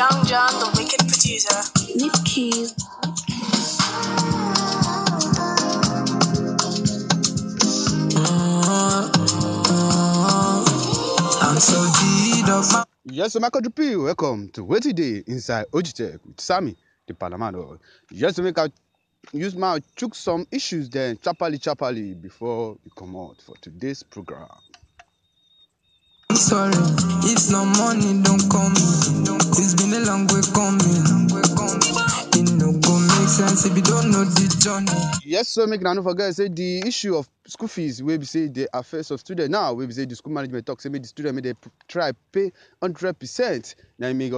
Young John, the wicked producer. Nip Keys. Mm-hmm. Yes, I'm Welcome to what Today Inside Ojitech with Sammy, the Palamano. Just to make out, use my took some issues then chapali chapali before we come out for today's program. I'm sorry, it's no money don't come. Yes, so make no forget say the issue of school fees We say the affairs of students now we say the school management talk say make the student make they try pay hundred percent na make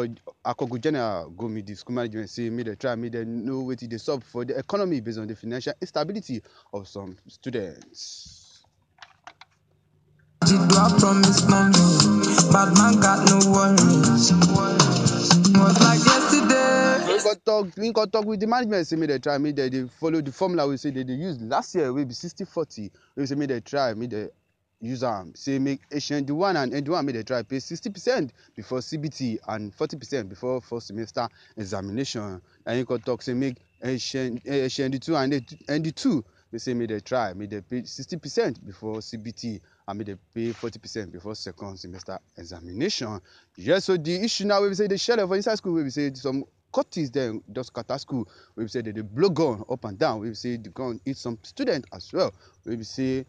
akogo general go meet the school management say make they try make they know wetin They sub for the economy based on the financial instability of some students. Did I promise mommy? Bad man got no worries. talk him come talk with the management say make dem try make dem dey follow the formula wey say dem dey use last year wey be sixty forty wey say make dem try make dem use am say make hnd one and nd one. make dem try pay sixty percent before cbt and forty percent before first semester examination na him come talk say make hnd two and nd two. wey say make dem try make dem pay sixty percent before cbt and make dem pay forty percent before second semester examination yes so the issue now wey be say dey shele for inside school wey be say some Curtis there just Kata school wey be say dem dey blow gun up and down wey be say the gun hit some students as well wey be say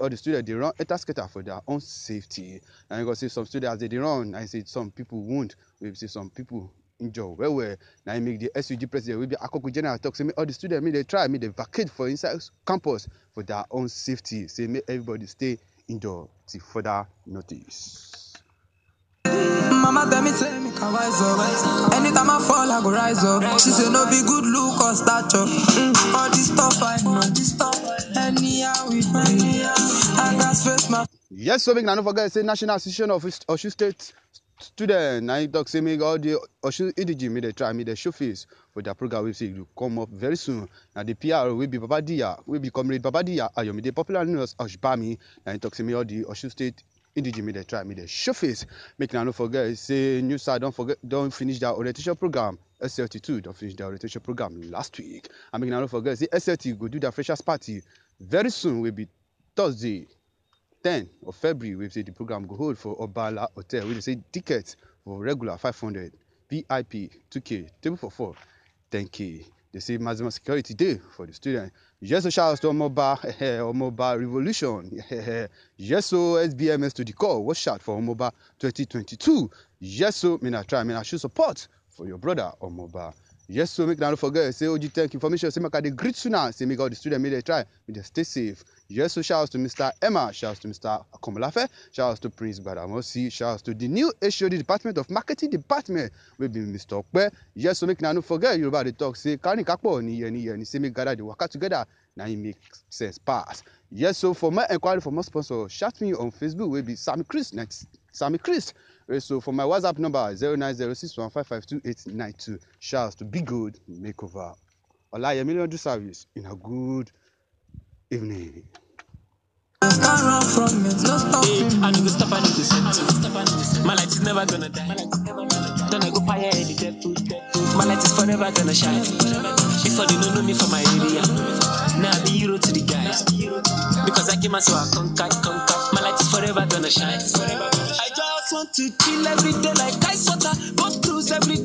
all the students dey run enter skater for their own safety and you go see some students as they dey run and you see some people wound wey be say some people injure well well na im make the SUG president wey be Akoko general talk say make all the students make they try make they vacate for inside campus for their own safety say make everybody stay indoor till further notice mama tell me, tell me, can rise up. Anytime I fall, I go rise up. She say, no be good look or stature. Mm, all this stuff I know. Anyhow we find I got face my. Yes, so make na no forget say National Association of Osun State students Now, you talk say make all the Osun EDG Me they try me they show face for their program we say e come up very soon Now the PR will be Babadiya wey be comrade Babadiya Ayomide popular known as Oshbami Now you talk say me all the Osun State ndg make dem try make dem show face make una no forget e say new don forget don finish their orientation program slt two don finish their orientation program last week and make una no forget say slt go do their freshers party very soon will be thursday ten of february wey say the program go hold for obala hotel wey dey say tickets for regular five hundred vip two k table for four ten k they say maximum security day for the student. Yes, so shout out to Omoba, eh, Omoba Revolution. yes, so SBMS to the call. What shout for Omoba 2022. Yes, so Mina try, Mina show support for your brother Omoba. Yes, so make now forget. Say OG Tech information. Say make the great sooner. Say make all the students make they try. Make they stay safe. Yes, so shout out to Mr. Emma. Shout out to Mr. Akomolafe. Shout out to Prince Badamosi. Shout out to the new HOD Department of Marketing Department. Will be Mr. Okpe. Yes, so make now forget. about they talk. Say Kani Kakpo ni ye ni ye ni. Say make gather the waka together. Now it makes sense. Pass. Yes, so for my inquiry, for my sponsor, shout me on Facebook. Will be Sammy Chris next. Sammy I'm a uh, So for my WhatsApp number 0906155289. Shouts to Be Good Makeover. million do service in a good evening. My light is forever gonna shine. Before they don't know me for my area. Now I be hero to the guys. Because I came forever. I just want to chill every day like ice water. Go cruise every day.